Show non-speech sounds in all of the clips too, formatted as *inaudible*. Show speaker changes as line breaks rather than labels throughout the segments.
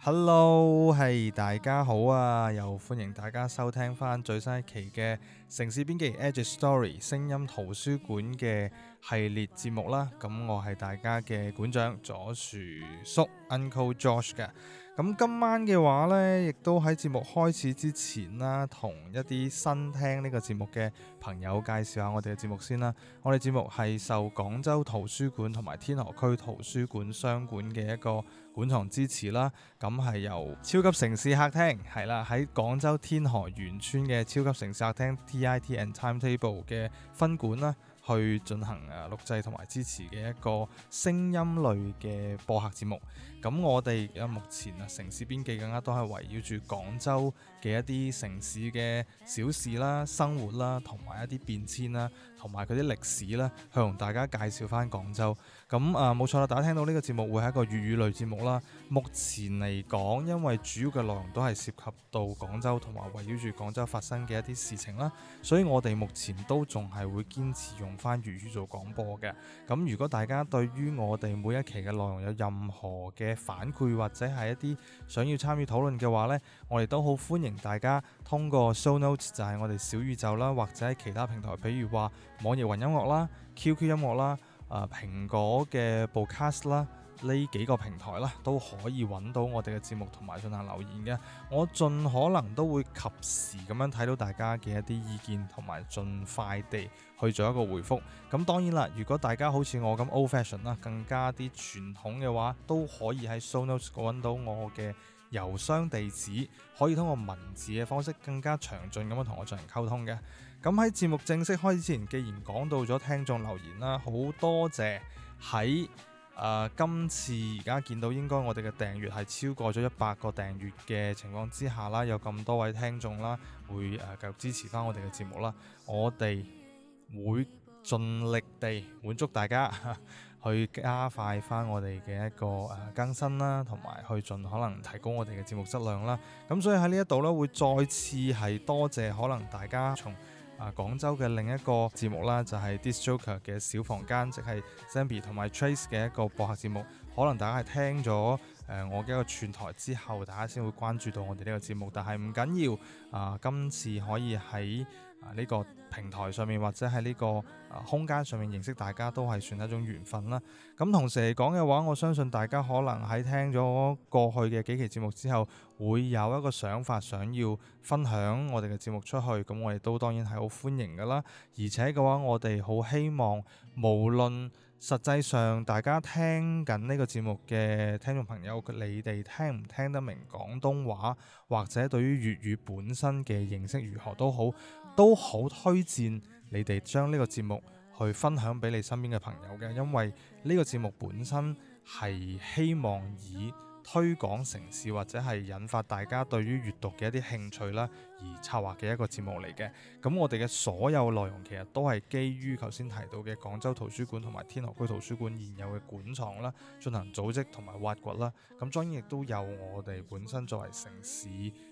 Hello，係、hey，大家好啊！又歡迎大家收聽翻最新一期嘅城事邊記 Edge Story 聲音圖書館嘅系列節目啦。咁我係大家嘅館長左薯叔 Uncle Josh 嘅。咁今晚嘅話呢，亦都喺節目開始之前啦，同一啲新聽呢個節目嘅朋友介紹下我哋嘅節目先啦。我哋節目係受廣州圖書館同埋天河區圖書館雙館嘅一個館藏支持啦。咁係由超級城市客廳係啦，喺廣州天河員村嘅超級城市客廳 TIT and timetable 嘅分館啦。去進行誒錄製同埋支持嘅一個聲音類嘅播客節目，咁我哋而家目前啊，城事邊記更加都係圍繞住廣州。嘅一啲城市嘅小事啦、生活啦，同埋一啲變遷啦，同埋佢啲歷史啦，去同大家介紹翻廣州。咁啊，冇錯啦，大家聽到呢個節目會係一個粵語類節目啦。目前嚟講，因為主要嘅內容都係涉及到廣州同埋圍繞住廣州發生嘅一啲事情啦，所以我哋目前都仲係會堅持用翻粵語做廣播嘅。咁如果大家對於我哋每一期嘅內容有任何嘅反饋或者係一啲想要參與討論嘅話咧，我哋都好歡迎。大家通過 Show Notes 就係我哋小宇宙啦，或者其他平台，比如話網易雲音樂啦、QQ 音樂啦、啊、呃、蘋果嘅 Podcast 啦呢幾個平台啦，都可以揾到我哋嘅節目同埋進行留言嘅。我盡可能都會及時咁樣睇到大家嘅一啲意見，同埋盡快地去做一個回覆。咁當然啦，如果大家好似我咁 old fashion 啦，更加啲傳統嘅話，都可以喺 Show Notes 揾到我嘅。郵箱地址，可以通過文字嘅方式更加詳盡咁樣同我進行溝通嘅。咁喺節目正式開始之前，既然講到咗聽眾留言啦，好多謝喺啊、呃、今次而家見到應該我哋嘅訂閱係超過咗一百個訂閱嘅情況之下啦，有咁多位聽眾啦，會啊、呃、繼續支持翻我哋嘅節目啦，我哋會盡力地滿足大家。 *laughs* 去加快翻我哋嘅一個誒更新啦，同埋去盡可能提高我哋嘅節目質量啦。咁所以喺呢一度呢，會再次係多謝可能大家從啊廣州嘅另一個節目啦，就係、是、DiscJoker 嘅小房間，即、就、係、是、Zenbi 同埋 Trace 嘅一個播客節目。可能大家係聽咗誒、呃、我嘅一個串台之後，大家先會關注到我哋呢個節目。但係唔緊要，啊、呃、今次可以喺啊呢個平台上面，或者喺呢、這個。空間上面認識大家都係算一種緣分啦。咁同時嚟講嘅話，我相信大家可能喺聽咗過去嘅幾期節目之後，會有一個想法，想要分享我哋嘅節目出去。咁我哋都當然係好歡迎㗎啦。而且嘅話，我哋好希望，無論實際上大家聽緊呢個節目嘅聽眾朋友，你哋聽唔聽得明廣東話，或者對於粵語本身嘅認識如何都好，都好推薦。你哋將呢個節目去分享俾你身邊嘅朋友嘅，因為呢個節目本身係希望以推廣城市或者係引發大家對於閱讀嘅一啲興趣啦，而策劃嘅一個節目嚟嘅。咁我哋嘅所有內容其實都係基於頭先提到嘅廣州圖書館同埋天河區圖書館現有嘅館藏啦，進行組織同埋挖掘啦。咁當然亦都有我哋本身作為城市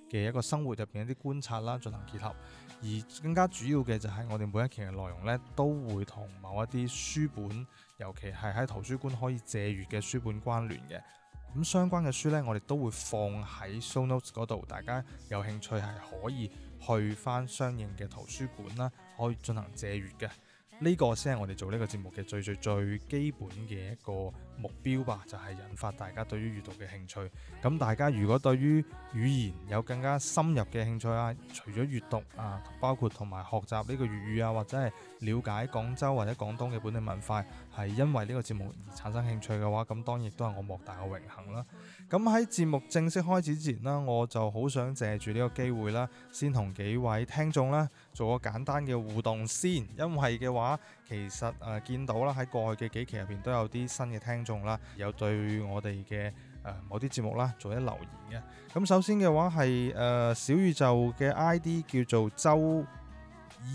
嘅一個生活入邊一啲觀察啦，進行結合。而更加主要嘅就係我哋每一期嘅內容呢，都會同某一啲書本，尤其係喺圖書館可以借閱嘅書本關聯嘅。咁相關嘅書呢，我哋都會放喺 Show Notes 嗰度，大家有興趣係可以去翻相應嘅圖書館啦，可以進行借閲嘅。呢個先係我哋做呢個節目嘅最最最基本嘅一個目標吧，就係引發大家對於閲讀嘅興趣。咁大家如果對於語言有更加深入嘅興趣啊，除咗閲讀啊，包括同埋學習呢個粵語啊，或者係了解廣州或者廣東嘅本地文化。係因為呢個節目而產生興趣嘅話，咁當然都係我莫大嘅榮幸啦。咁喺節目正式開始之前啦，我就好想借住呢個機會啦，先同幾位聽眾啦做個簡單嘅互動先，因為嘅話其實誒、呃、見到啦喺過去嘅幾期入邊都有啲新嘅聽眾啦，有對我哋嘅誒某啲節目啦做一留言嘅。咁首先嘅話係誒、呃、小宇宙嘅 ID 叫做周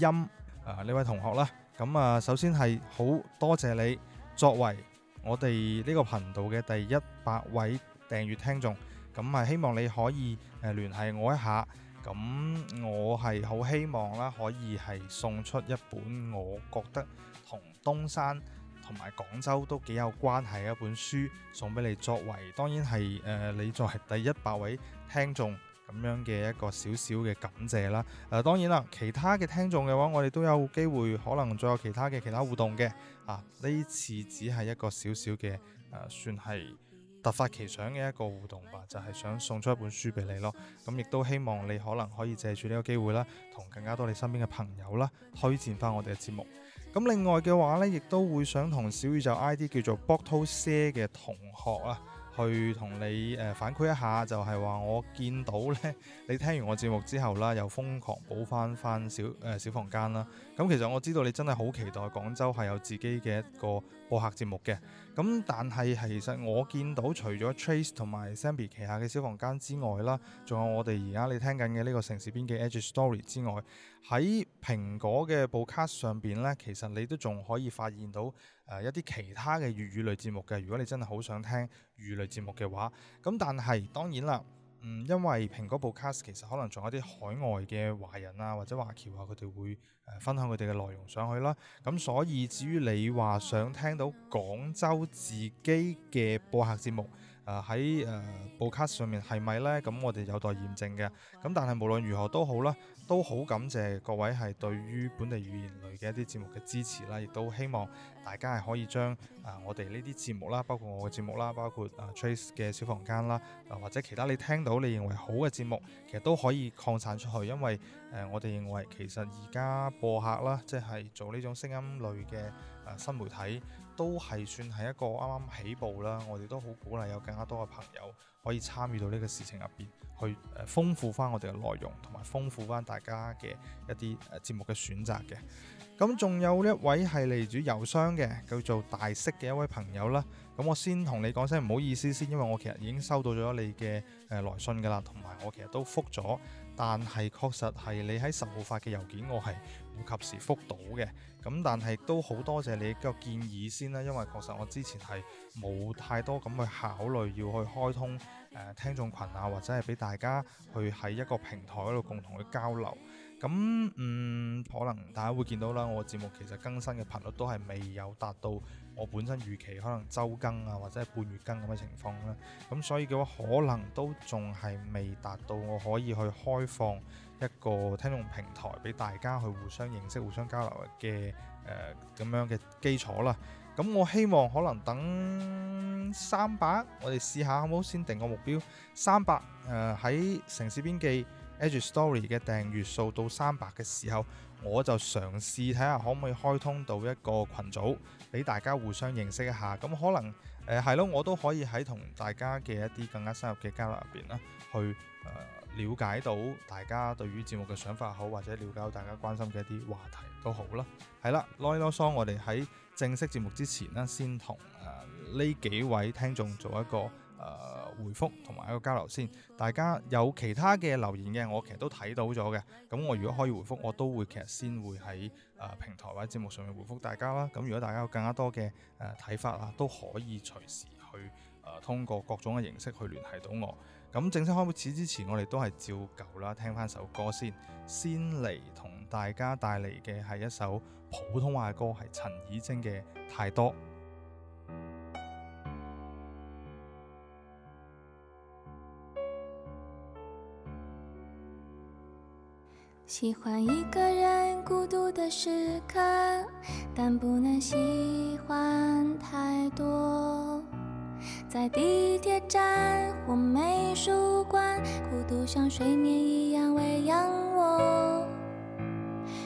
音啊呢、呃、位同學啦。咁啊，首先係好多謝你作為我哋呢個頻道嘅第一百位訂閱聽眾，咁啊，希望你可以誒聯繫我一下，咁我係好希望啦，可以係送出一本我覺得同東山同埋廣州都幾有關係嘅一本書送俾你，作為當然係誒你作為第一百位聽眾，咁樣嘅一個小小嘅感謝啦，誒、啊、當然啦，其他嘅聽眾嘅話，我哋都有機會可能再有其他嘅其他互動嘅，啊呢次只係一個小小嘅誒、啊、算係突發奇想嘅一個互動吧，就係、是、想送出一本書俾你咯，咁、啊、亦都希望你可能可以借住呢個機會啦，同更加多你身邊嘅朋友啦推薦返我哋嘅節目，咁、啊、另外嘅話呢，亦都會想同小宇宙 ID 叫做 Bottle-xie 嘅同學啊。去同你誒、呃、反饋一下，就係、是、話我見到呢，你聽完我節目之後啦，又瘋狂補翻翻小誒、呃、小房間啦。咁、嗯、其實我知道你真係好期待廣州係有自己嘅一個播客節目嘅。咁但係其實我見到除咗 Trace 同埋 Zenbi 旗下嘅小房間之外啦，仲有我哋而家你聽緊嘅呢個城事邊記 Edge Story 之外，喺蘋果嘅 Podcast 上邊呢，其實你都仲可以發現到誒一啲其他嘅粵語，語類節目嘅。如果你真係好想聽粵語類節目嘅話，咁但係當然啦。嗯，因為蘋果 Podcast 其實可能仲有啲海外嘅華人啊，或者華僑啊，佢哋會分享佢哋嘅內容上去啦。咁所以至於你話想聽到廣州自己嘅播客節目，誒喺誒 Podcast 上面係咪呢？咁我哋有待驗證嘅。咁但係無論如何都好啦。都好感謝各位係對於本地語言類嘅一啲節目嘅支持啦，亦都希望大家係可以將啊、呃、我哋呢啲節目啦，包括我嘅節目啦，包括啊、呃、Trace 嘅小房間啦，啊或者其他你聽到你認為好嘅節目，其實都可以擴散出去，因為誒、呃、我哋認為其實而家播客啦，即係做呢種聲音類嘅啊、呃、新媒體，都係算係一個啱啱起步啦。我哋都好鼓勵有更加多嘅朋友可以參與到呢個事情入邊。去誒豐富翻我哋嘅內容，同埋豐富翻大家嘅一啲誒節目嘅選擇嘅。咁仲有一位係嚟自郵箱嘅，叫做大式嘅一位朋友啦。咁我先同你講聲唔好意思先，因為我其實已經收到咗你嘅誒來信噶啦，同埋我其實都覆咗。但係確實係你喺十號發嘅郵件，我係唔及時覆到嘅。咁但係都好多謝你嘅建議先啦，因為確實我之前係冇太多咁去考慮要去開通誒聽眾群啊，或者係俾大家去喺一個平台嗰度共同去交流，咁，嗯，可能大家會見到啦，我個節目其實更新嘅頻率都係未有達到我本身預期，可能週更啊或者係半月更咁嘅情況啦。咁所以嘅話，可能都仲係未達到我可以去開放一個聽眾平台俾大家去互相認識、互相交流嘅誒咁樣嘅基礎啦。咁我希望可能等三百，我哋試下好唔好先定個目標三百。誒喺、呃、城事邊記 Edge Story 嘅訂閱數到三百嘅時候，我就嘗試睇下可唔可以開通到一個群組，俾大家互相認識一下。咁可能誒係咯，我都可以喺同大家嘅一啲更加深入嘅交流入邊啦，去誒了解到大家對於節目嘅想法好，或者了解到大家關心嘅一啲話題都好啦。係啦，囉囉嗦我哋喺。正式節目之前咧，先同誒呢幾位聽眾做一個誒、呃、回覆同埋一個交流先。大家有其他嘅留言嘅，我其實都睇到咗嘅。咁我如果可以回覆，我都會其實先會喺誒、呃、平台或者節目上面回覆大家啦。咁如果大家有更加多嘅誒睇法啊，都可以隨時去誒、呃、通過各種嘅形式去聯繫到我。咁正式開始之前，我哋都係照舊啦，聽翻首歌先。先嚟同大家帶嚟嘅係一首。普通話歌係陳綺貞嘅太多。
喜歡一個人孤獨的時刻，但不能喜歡太多。在地鐵站或美術館，孤獨像睡眠一樣餵養我。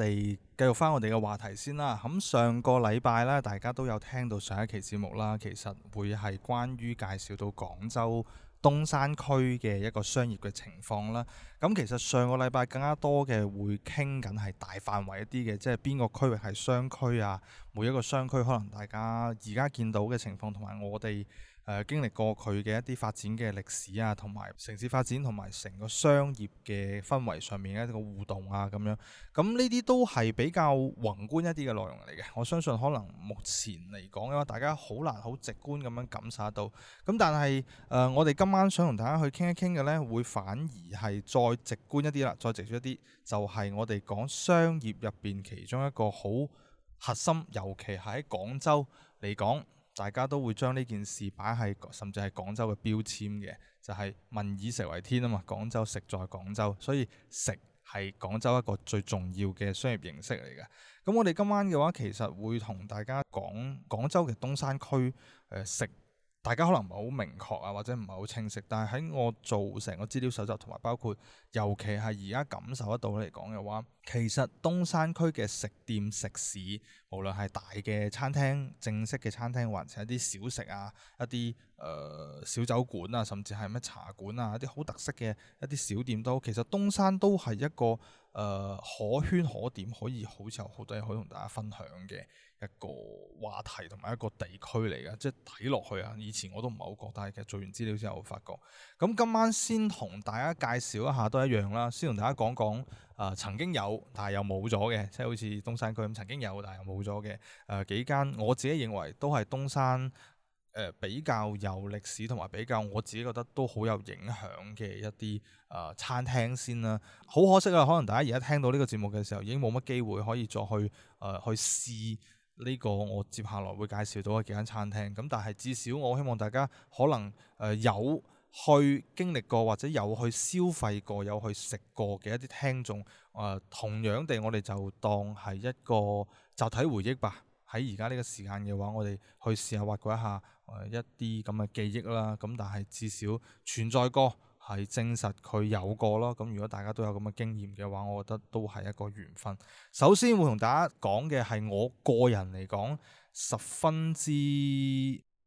哋繼續翻我哋嘅話題先啦。咁上個禮拜呢，大家都有聽到上一期節目啦。其實會係關於介紹到廣州東山區嘅一個商業嘅情況啦。咁、嗯、其實上個禮拜更加多嘅會傾緊係大範圍一啲嘅，即係邊個區域係商區啊？每一個商區可能大家而家見到嘅情況同埋我哋。誒、呃、經歷過佢嘅一啲發展嘅歷史啊，同埋城市發展，同埋成個商業嘅氛圍上面一個互動啊，咁樣，咁呢啲都係比較宏觀一啲嘅內容嚟嘅。我相信可能目前嚟講，嘅話，大家好難好直觀咁樣感受得到。咁、嗯、但係誒、呃，我哋今晚想同大家去傾一傾嘅呢，會反而係再直觀一啲啦，再直觀一啲，就係、是、我哋講商業入邊其中一個好核心，尤其係喺廣州嚟講，大家都會將呢件事擺喺甚至係廣州嘅標籤嘅，就係民以食為天啊嘛，廣州食在廣州，所以食係廣州一個最重要嘅商業形式嚟嘅。咁我哋今晚嘅話，其實會同大家講廣州嘅東山區誒、呃、食。大家可能唔係好明確啊，或者唔係好清晰，但係喺我做成個資料搜集同埋包括，尤其係而家感受得到嚟講嘅話，其實東山區嘅食店食肆，無論係大嘅餐廳、正式嘅餐廳，或者一啲小食啊、一啲誒、呃、小酒館啊，甚至係咩茶館啊，一啲好特色嘅一啲小店都，其實東山都係一個。誒、呃、可圈可點，可以好似有好多嘢可以同大家分享嘅一個話題同埋一個地區嚟嘅，即係睇落去啊！以前我都唔係好覺得，但其實做完資料之後會發覺，咁今晚先同大家介紹一下都一樣啦，先同大家講講誒、呃、曾經有但係又冇咗嘅，即係好似東山區咁曾經有但係又冇咗嘅誒幾間，我自己認為都係東山。呃、比較有歷史同埋比較我自己覺得都好有影響嘅一啲啊、呃、餐廳先啦、啊。好可惜啊，可能大家而家聽到呢個節目嘅時候已經冇乜機會可以再去誒、呃、去試呢個我接下來會介紹到嘅幾間餐廳。咁但係至少我希望大家可能誒、呃、有去經歷過或者有去消費過有去食過嘅一啲聽眾，誒、呃、同樣地我哋就當係一個集體回憶吧。喺而家呢個時間嘅話，我哋去試下挖掘一下。誒、呃、一啲咁嘅記憶啦，咁但係至少存在過，係證實佢有過咯。咁如果大家都有咁嘅經驗嘅話，我覺得都係一個緣分。首先會同大家講嘅係我個人嚟講十分之，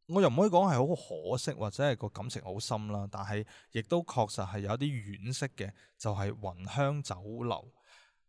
我又唔可以講係好可惜或者係個感情好深啦，但係亦都確實係有啲惋惜嘅，就係、是、雲香酒樓。誒、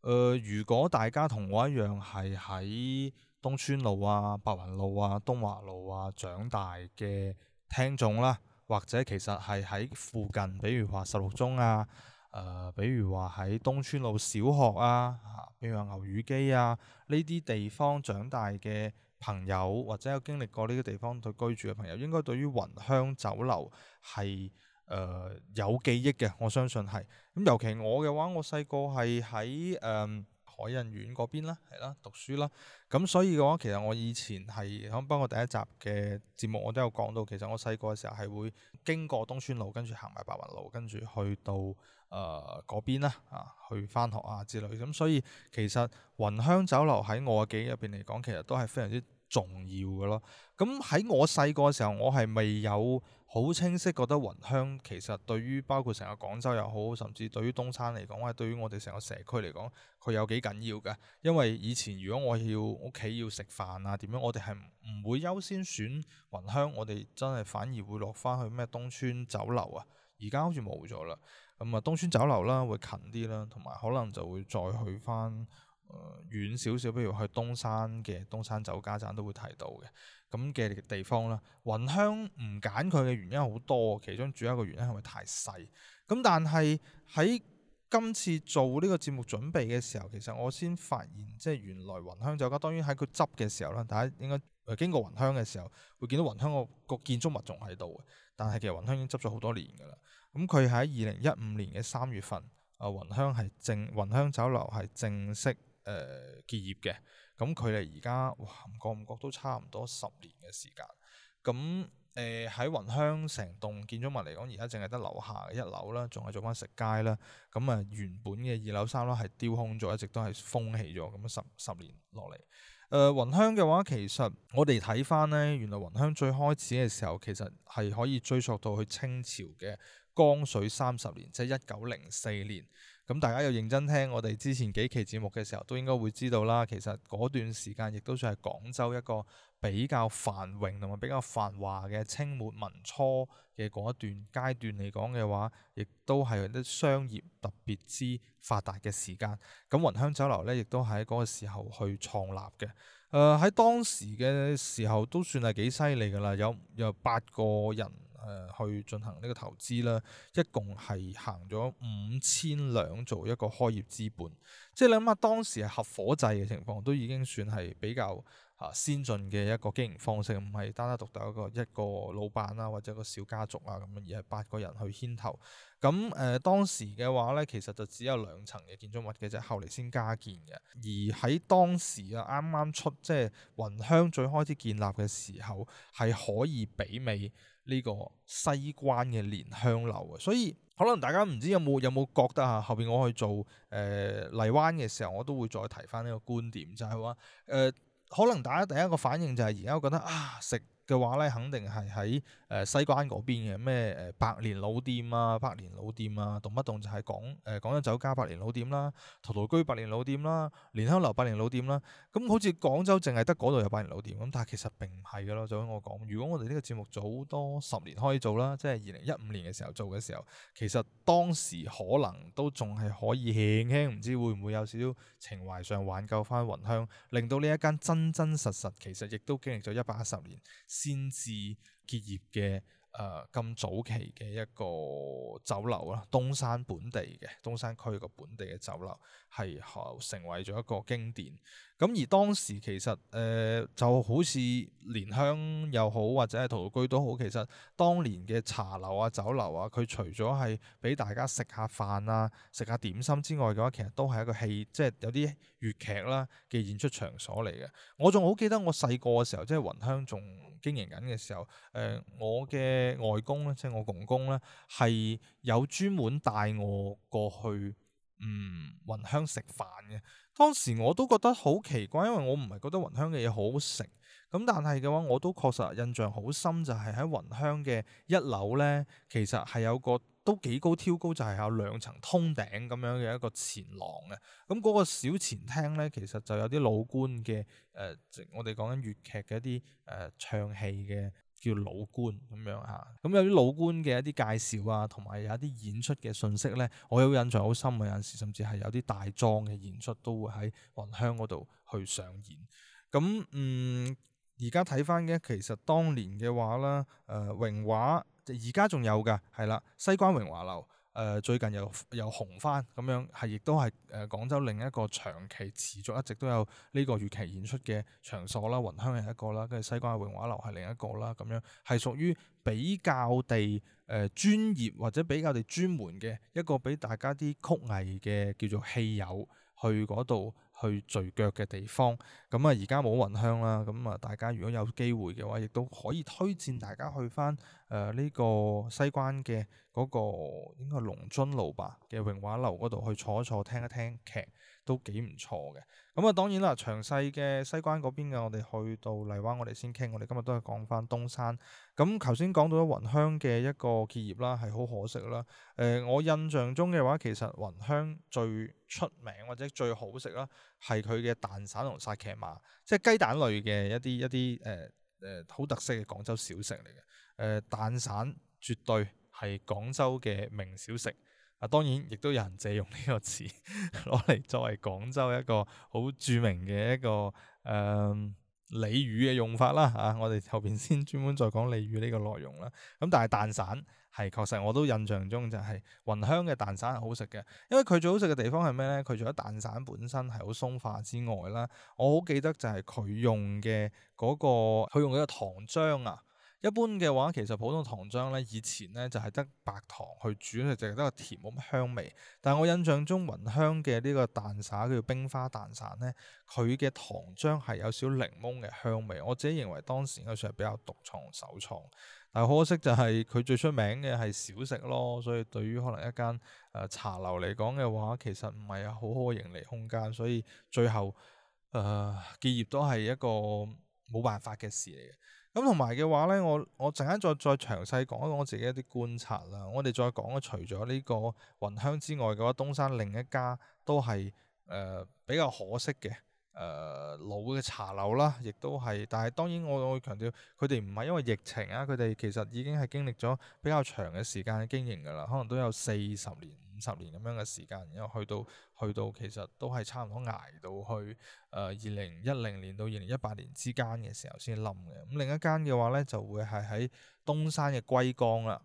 呃，如果大家同我一樣係喺，東川路啊、白雲路啊、東華路啊長大嘅聽眾啦，或者其實係喺附近，比如話十六中啊，誒、呃，比如話喺東川路小學啊，啊比如話牛乳機啊呢啲地方長大嘅朋友，或者有經歷過呢啲地方對居住嘅朋友，應該對於雲香酒樓係誒、呃、有記憶嘅，我相信係。咁、嗯、尤其我嘅話，我細個係喺誒。嗯海印苑嗰邊啦，係啦，讀書啦，咁所以嘅話，其實我以前係響包括第一集嘅節目，我都有講到，其實我細個嘅時候係會經過東川路，跟住行埋白雲路，跟住去到誒嗰、呃、邊啦，啊，去翻學啊之類，咁所以其實雲香酒樓喺我嘅記憶入邊嚟講，其實都係非常之重要嘅咯。咁喺我細個嘅時候，我係未有。好清晰覺得雲香其實對於包括成個廣州又好，甚至對於東山嚟講，或者對於我哋成個社區嚟講，佢有幾緊要㗎。因為以前如果我要屋企要食飯啊點樣，我哋係唔會優先選雲香，我哋真係反而會落翻去咩東村酒樓啊。而家好似冇咗啦，咁啊東村酒樓啦會近啲啦，同埋可能就會再去翻。誒，遠少少，不如去東山嘅東山酒家，站都會提到嘅，咁嘅地方啦。雲香唔揀佢嘅原因好多，其中主要一個原因係咪太細？咁但係喺今次做呢個節目準備嘅時候，其實我先發現，即係原來雲香酒家，當然喺佢執嘅時候啦，大家應該誒經過雲香嘅時候，會見到雲香個建築物仲喺度。但係其實雲香已經執咗好多年噶啦。咁佢喺二零一五年嘅三月份，啊雲香係正雲香酒樓係正式。誒、呃、結業嘅，咁佢哋而家哇，唔覺唔覺都差唔多十年嘅時間。咁誒喺雲香成棟建築物嚟講，而家淨係得樓下嘅一樓啦，仲係做翻食街啦。咁、嗯、啊，原本嘅二樓三樓係丟空咗，一直都係封起咗。咁十十年落嚟，誒、呃、雲香嘅話，其實我哋睇翻呢，原來雲香最開始嘅時候，其實係可以追溯到去清朝嘅光緒三十年，即係一九零四年。咁大家要認真聽我哋之前幾期節目嘅時候，都應該會知道啦。其實嗰段時間亦都算係廣州一個比較繁榮同埋比較繁華嘅清末民初嘅嗰一段階段嚟講嘅話，亦都係嗰啲商業特別之發達嘅時間。咁雲香酒樓呢，亦都喺嗰個時候去創立嘅。誒、呃、喺當時嘅時候都算係幾犀利㗎喇，有有八個人。去進行呢個投資啦，一共係行咗五千兩做一個開業資本，即係你諗下當時係合伙制嘅情況，都已經算係比較啊先進嘅一個經營方式，唔係單單獨獨一個一個老闆啦、啊，或者一個小家族啊咁，而係八個人去牽頭。咁誒、呃、當時嘅話呢，其實就只有兩層嘅建築物嘅啫，後嚟先加建嘅。而喺當時啊，啱啱出即係雲香最開始建立嘅時候，係可以媲美，呢個西關嘅蓮香樓啊，所以可能大家唔知有冇有冇覺得吓？後邊我去做誒荔灣嘅時候，我都會再提返呢個觀點，就係話誒，可能大家第一個反應就係而家我覺得啊食。嘅話咧，肯定係喺誒西關嗰邊嘅咩誒百年老店啊，百年老店啊，動不動就係講誒廣州酒家百年老店啦、啊，陶陶居百年老店啦、啊，蓮香樓百年老店啦、啊。咁、嗯、好似廣州淨係得嗰度有百年老店，咁、嗯、但係其實並唔係噶咯。就咁我講，如果我哋呢個節目早多十年可以做啦，即係二零一五年嘅時候做嘅時候，其實當時可能都仲係可以輕輕唔知會唔會有少少情懷上挽救翻雲香，令到呢一間真真實實其實亦都經歷咗一百一十年。先至結業嘅，誒，咁早期嘅一個酒樓啦，東山本地嘅東山區個本地嘅酒樓，係成為咗一個經典。咁而當時其實誒、呃、就好似蓮香又好，或者係陶陶居都好，其實當年嘅茶樓啊、酒樓啊，佢除咗係俾大家食下飯啊、食下點心之外嘅話，其實都係一個戲，即係有啲粵劇啦嘅演出場所嚟嘅。我仲好記得我細個嘅時候，即係雲香仲。經營緊嘅時候，誒，我嘅外公呢，即係我公公呢，係有專門帶我過去，嗯，雲香食飯嘅。當時我都覺得好奇怪，因為我唔係覺得雲香嘅嘢好好食，咁但係嘅話，我都確實印象好深，就係喺雲香嘅一樓呢，其實係有個。都幾高挑高，就係有兩層通頂咁樣嘅一個前廊嘅。咁、那、嗰個小前廳呢，其實就有啲老倌嘅誒、呃，我哋講緊粵劇嘅一啲誒、呃、唱戲嘅叫老倌咁樣嚇。咁有啲老倌嘅一啲介紹啊，同埋有一啲演出嘅信息呢，我有印象好深嘅。有陣時甚至係有啲大裝嘅演出都會喺雲香嗰度去上演。咁嗯，而家睇返嘅其實當年嘅話啦，誒榮華。而家仲有㗎，係啦，西關榮華樓，誒、呃、最近又又紅翻咁樣，係亦都係誒廣州另一個長期持續一直都有呢個粵劇演出嘅場所啦，雲香係一個啦，跟住西關榮華樓係另一個啦，咁樣係屬於比較地誒、呃、專業或者比較地專門嘅一個俾大家啲曲藝嘅叫做戲友去嗰度。去聚腳嘅地方，咁啊而家冇雲香啦，咁啊大家如果有機會嘅話，亦都可以推薦大家去翻誒呢個西關嘅嗰個應該係龍津路吧嘅榮華樓嗰度去坐一坐，聽一聽劇都幾唔錯嘅。咁啊，當然啦，詳細嘅西關嗰邊嘅，我哋去到荔灣我，我哋先傾。我哋今日都係講返東山。咁頭先講到咗雲香嘅一個結業啦，係好可惜啦。誒、呃，我印象中嘅話，其實雲香最出名或者最好食啦，係佢嘅蛋散同薩其馬，即係雞蛋類嘅一啲一啲誒誒好特色嘅廣州小食嚟嘅。誒、呃，蛋散絕對係廣州嘅名小食。啊，當然亦都有人借用呢個詞攞嚟作為廣州一個好著名嘅一個誒俚語嘅用法啦嚇、啊。我哋後邊先專門再講俚語呢個內容啦。咁、啊、但係蛋散係確實我都印象中就係、係、雲香嘅蛋散係好食嘅，因為佢最好食嘅地方係咩呢？佢除咗蛋散本身係好鬆化之外啦，我好記得就係佢用嘅嗰、嗰個，佢用嗰個糖漿啊。一般嘅話，其實普通糖漿呢，以前呢就係、是、得白糖去煮，就係得個甜，冇乜香味。但係我印象中，雲香嘅呢個蛋散叫冰花蛋散呢，佢嘅糖漿係有少檸檬嘅香味。我自己認為當時應該算係比較獨創首創，但係可惜就係佢最出名嘅係小食咯，所以對於可能一間茶樓嚟講嘅話，其實唔係有好好嘅盈利空間，所以最後誒結、呃、業都係一個冇辦法嘅事嚟嘅。咁同埋嘅話咧，我我陣間再再詳細講一講我自己一啲觀察啦。我哋再講啊，除咗呢個雲香之外嘅話，東山另一家都係誒、呃、比較可惜嘅誒、呃、老嘅茶樓啦，亦都係。但係當然我會強調，佢哋唔係因為疫情啊，佢哋其實已經係經歷咗比較長嘅時間嘅經營噶啦，可能都有四十年。五十年咁樣嘅時間，然後去到去到其實都係差唔多捱到去誒二零一零年到二零一八年之間嘅時候先冧嘅。咁另一間嘅話呢，就會係喺東山嘅龜崗啦，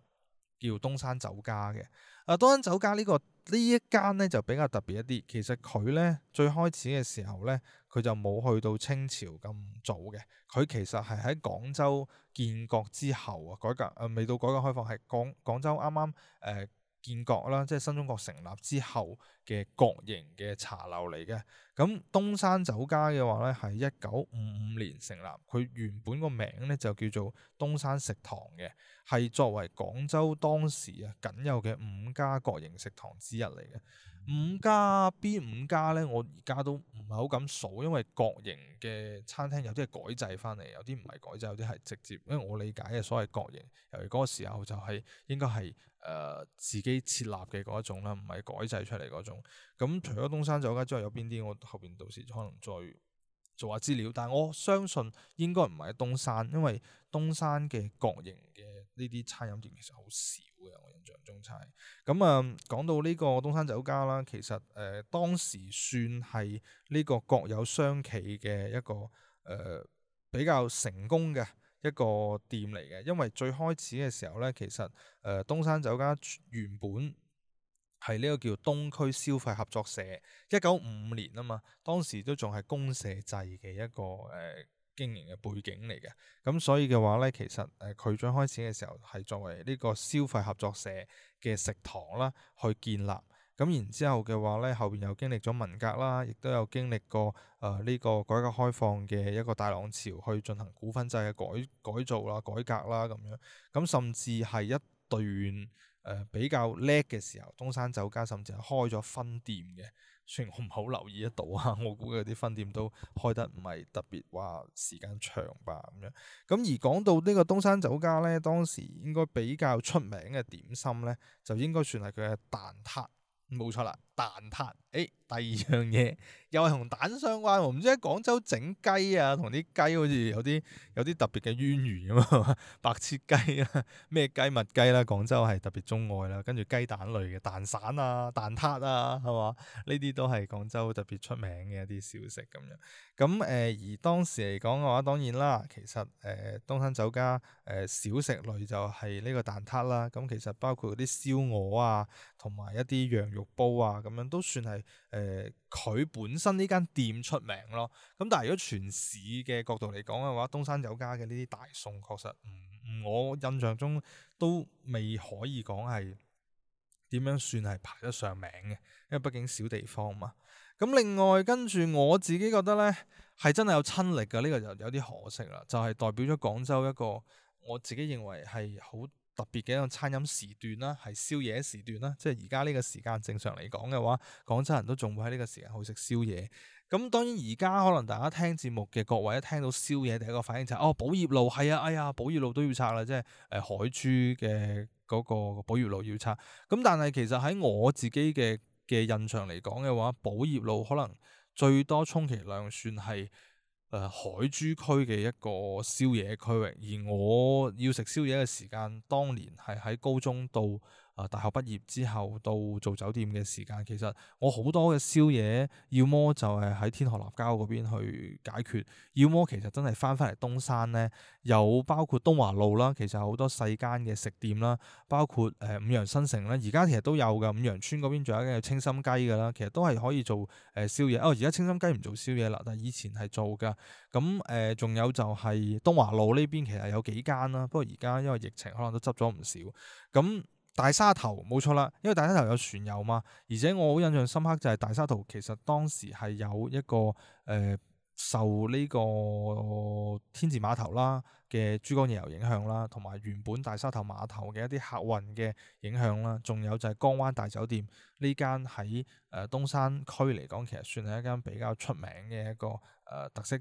叫東山酒家嘅。啊，東山酒家呢、呢個呢一間呢，就比較特別一啲。其實佢呢，最開始嘅時候呢，佢就冇去到清朝咁早嘅。佢其實係喺廣州建國之後啊，改革誒、呃、未到改革開放，係廣廣州啱啱誒。呃建國啦，即係新中國成立之後嘅國營嘅茶樓嚟嘅。咁東山酒家嘅話咧，係一九五五年成立，佢原本個名咧就叫做東山食堂嘅，係作為廣州當時啊僅有嘅五家國營食堂之一嚟嘅。五家邊五家咧？我而家都唔係好敢數，因為國營嘅餐廳有啲係改制返嚟，有啲唔係改制，有啲係直接。因為我理解嘅所謂國營，由於嗰個時候就係，應該係。誒、呃、自己設立嘅嗰一種啦，唔係改制出嚟嗰種。咁除咗東山酒家之外，有邊啲我後邊到時可能再做下資料。但係我相信應該唔係東山，因為東山嘅國營嘅呢啲餐飲店其實好少嘅，我印象中係。咁啊，講到呢個東山酒家啦，其實誒、呃、當時算係呢個國有商企嘅一個誒、呃、比較成功嘅。一個店嚟嘅，因為最開始嘅時候呢，其實誒、呃、東山酒家原本係呢個叫東區消費合作社，一九五五年啊嘛，當時都仲係公社制嘅一個誒、呃、經營嘅背景嚟嘅，咁所以嘅話呢，其實佢、呃、最開始嘅時候係作為呢個消費合作社嘅食堂啦，去建立。咁然之後嘅話呢，後邊又經歷咗文革啦，亦都有經歷過誒呢、呃這個改革開放嘅一個大浪潮，去進行股份制嘅改改造啦、改革啦咁樣。咁甚至係一段誒、呃、比較叻嘅時候，東山酒家甚至係開咗分店嘅。雖然我唔好留意得到啊，我估佢啲分店都開得唔係特別話時間長吧咁樣。咁而講到呢個東山酒家呢，當時應該比較出名嘅點心呢，就應該算係佢嘅蛋撻。冇錯啦，蛋撻，誒、哎、第二樣嘢。又係同蛋相關喎，唔知喺廣州整雞啊，同啲雞好似有啲有啲特別嘅淵源咁，白切雞啦，咩雞蜜雞啦，廣州係特別鍾愛啦。跟住雞蛋類嘅蛋散啊、蛋撻啊，係嘛？呢啲都係廣州特別出名嘅一啲小食咁樣。咁誒、呃，而當時嚟講嘅話，當然啦，其實誒、呃、東山酒家誒、呃、小食類就係呢個蛋撻啦。咁其實包括嗰啲燒鵝啊，同埋一啲羊肉煲啊，咁樣都算係。誒佢、呃、本身呢間店出名咯，咁但係如果全市嘅角度嚟講嘅話，東山酒家嘅呢啲大餸確實、嗯嗯、我印象中都未可以講係點樣算係排得上名嘅，因為畢竟小地方嘛。咁另外跟住我自己覺得呢係真係有親力嘅呢、呢個就有啲可惜啦，就係、係、代表咗廣州一個我自己認為係好。特別嘅一個餐飲時段啦，係宵夜時段啦，即係而家呢個時間正常嚟講嘅話，廣州人都仲會喺呢個時間去食宵夜。咁當然而家可能大家聽節目嘅各位一聽到宵夜，第一個反應就係、是、哦，寶業路係啊，哎呀，寶業路都要拆啦，即係誒海珠嘅嗰個寶業路要拆。咁但係其實喺我自己嘅嘅印象嚟講嘅話，寶業路可能最多充其量算係。誒、呃、海珠區嘅一個宵夜區域，而我要食宵夜嘅時間，當年係喺高中到。啊！大學畢業之後到做酒店嘅時間，其實我好多嘅宵夜，要麼就係喺天河立交嗰邊去解決，要麼其實真係翻返嚟東山呢。有包括東華路啦，其實好多細間嘅食店啦，包括誒、呃、五羊新城啦。而家其實都有嘅。五羊村嗰邊仲有一間叫清心雞嘅啦，其實都係可以做誒、呃、宵夜。哦，而家清心雞唔做宵夜啦，但係以前係做嘅。咁誒，仲、呃、有就係東華路呢邊其實有幾間啦，不過而家因為疫情可能都執咗唔少咁。大沙頭冇錯啦，因為大沙頭有船遊嘛，而且我好印象深刻就係大沙頭其實當時係有一個誒、呃、受呢個天字碼頭啦嘅珠江夜遊影響啦，同埋原本大沙頭碼頭嘅一啲客運嘅影響啦，仲有就係江灣大酒店呢間喺誒東山區嚟講，其實算係一間比較出名嘅一個誒特色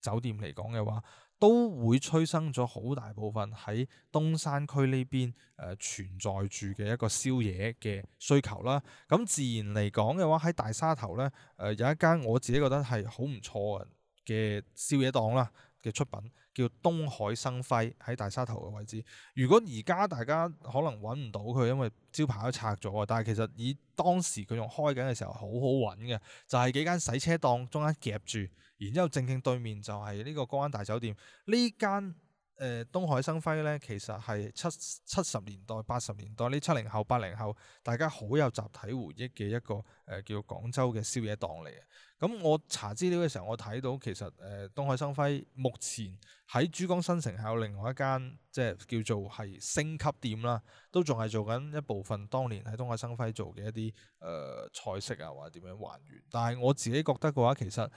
酒店嚟講嘅話。都會催生咗好大部分喺東山區呢邊誒存在住嘅一個宵夜嘅需求啦。咁自然嚟講嘅話，喺大沙頭呢誒、呃、有一間我自己覺得係好唔錯嘅宵夜檔啦嘅出品。叫東海生輝，喺大沙頭嘅位置。如果而家大家可能揾唔到佢，因為招牌都拆咗啊。但係其實以當時佢仲開緊嘅時候，好好揾嘅，就係、是、幾間洗車檔中間夾住，然之後正正對面就係呢個江灣大酒店。呢間誒、呃、東海生輝呢，其實係七七十年代、八十年代呢，七零後、八零後大家好有集體回憶嘅一個誒、呃，叫做廣州嘅宵夜檔嚟嘅。咁我查資料嘅時候，我睇到其實誒東海生輝目前喺珠江新城係有另外一間，即係叫做係星級店啦，都仲係做緊一部分當年喺東海生輝做嘅一啲誒、呃、菜式啊，或者點樣還原。但係我自己覺得嘅話，其實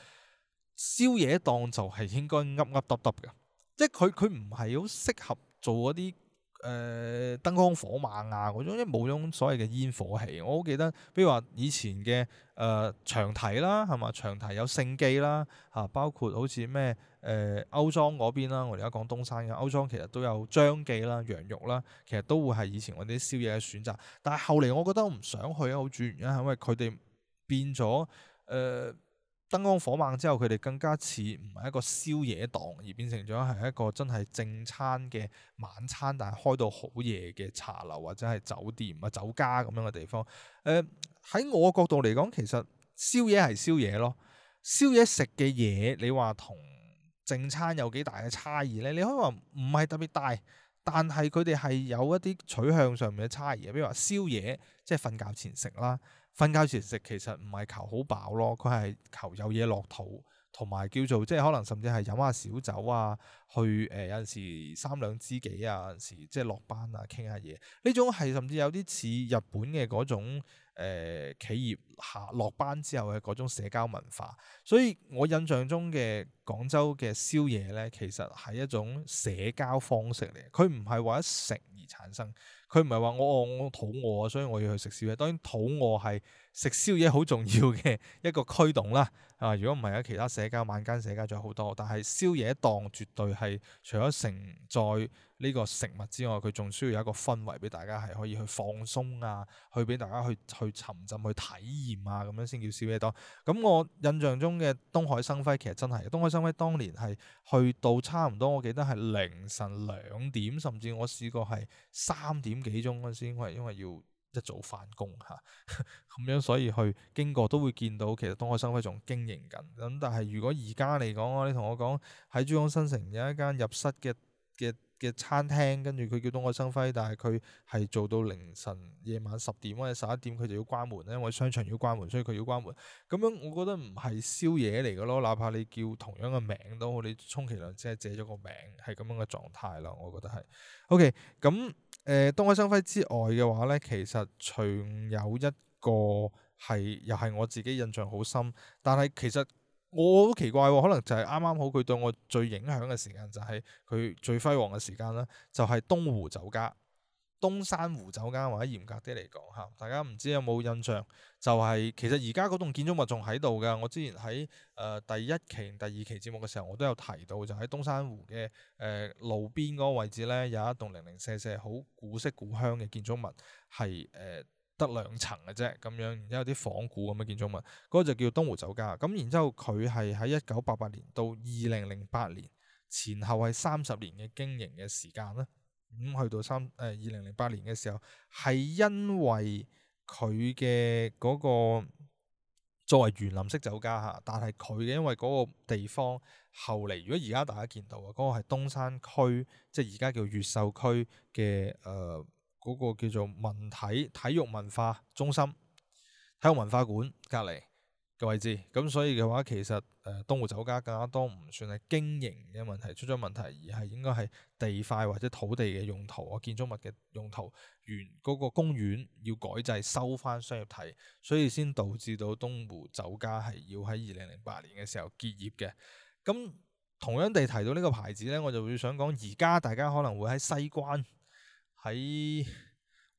宵夜檔就係應該噏噏耷耷嘅，即係佢佢唔係好適合做一啲。誒、呃、燈光火猛啊嗰種，因為冇種所謂嘅煙火氣。我好記得，比如話以前嘅誒、呃、長堤啦，係嘛，長堤有勝記啦，嚇，包括好似咩誒歐莊嗰邊啦，我哋而家講東山嘅歐莊，其實都有張記啦、羊肉啦，其實都會係以前我哋啲宵夜嘅選擇。但係後嚟我覺得我唔想去啊，好主要原因係因為佢哋變咗誒。呃燈光火猛之後，佢哋更加似唔係一個宵夜檔，而變成咗係一個真係正，正餐嘅晚餐，但係開到好夜嘅茶樓或者係酒店啊酒家咁樣嘅地方。喺、呃、我角度嚟講，其實宵夜係宵夜咯，宵夜食嘅嘢，你話同正餐有幾大嘅差異呢？你可以話唔係特別大，但係佢哋係有一啲取向上面嘅差異，比如話宵夜即係瞓覺前食啦。瞓覺前食其實唔係求好飽咯，佢係求有嘢落肚，同埋叫做即係可能甚至係飲下小酒啊，去誒、呃、有陣時三兩知己啊，有時即係落班啊傾下嘢，呢種係甚至有啲似日本嘅嗰種。誒、呃，企業下落班之後嘅嗰種社交文化，所以我印象中嘅廣州嘅宵夜呢，其實係一種社交方式嚟，佢唔係為咗食而產生，佢唔係話我餓我我肚餓啊，所以我要去食宵夜。當然肚餓係食宵夜好重要嘅一個驅動啦。啊！如果唔係喺其他社交、晚間社交仲有好多，但係宵夜檔絕對係除咗承載呢個食物之外，佢仲需要有一個氛圍俾大家係可以去放鬆啊，去俾大家去去沉浸、去體驗啊，咁樣先叫宵夜檔。咁我印象中嘅東海生輝其實真係東海生輝，當年係去到差唔多，我記得係凌晨兩點，甚至我試過係三點幾鐘嗰陣時，因為因為要，一早返工嚇，咁樣所以去經過都會見到，其實東海生輝仲經營緊。咁但係如果而家嚟講，你同我講喺珠江新城有一間入室嘅嘅。嘅餐廳，跟住佢叫東海生輝，但係佢係做到凌晨夜晚十點或者十一點，佢就要關門，因為商場要關門，所以佢要關門。咁樣我覺得唔係宵夜嚟嘅咯，哪怕你叫同樣嘅名都好，你充其量只係借咗個名，係咁樣嘅狀態啦。我覺得係。OK，咁誒、呃、東海生輝之外嘅話呢，其實仲有一個係又係我自己印象好深，但係其實。我好奇怪喎，可能就係啱啱好佢對我最影響嘅時間就係、是、佢最輝煌嘅時間啦，就係、是、東湖酒家、東山湖酒家或者嚴格啲嚟講吓，大家唔知有冇印象？就係、是、其實而家嗰棟建築物仲喺度㗎。我之前喺誒、呃、第一期、第二期節目嘅時候，我都有提到，就喺、是、東山湖嘅誒、呃、路邊嗰個位置呢，有一棟零零舍舍好古色古香嘅建築物係誒，得兩層嘅啫，咁樣，然之後啲仿古咁嘅建築物，嗰、嗰個就叫東湖酒家。咁然之後佢係喺一九八八年到二零零八年前後係三十年嘅經營嘅時間啦。咁、嗯、去到三誒二零零八年嘅時候，係因為佢嘅嗰個作為園林式酒家嚇，但係佢嘅因為嗰個地方後嚟，如果而家大家見到啊，嗰、嗰個係東山區，即係而家叫越秀區嘅誒。呃嗰個叫做文體體育文化中心、體育文化館隔離嘅位置，咁所以嘅話，其實誒、呃、東湖酒家更加多唔算係經營嘅問題，出咗問題，而係應該係地塊或者土地嘅用途、建築物嘅用途，原嗰、那個公園要改制收翻商業體，所以先導致到東湖酒家係要喺二零零八年嘅時候結業嘅。咁同樣地提到呢個牌子呢，我就會想講，而家大家可能會喺西關。喺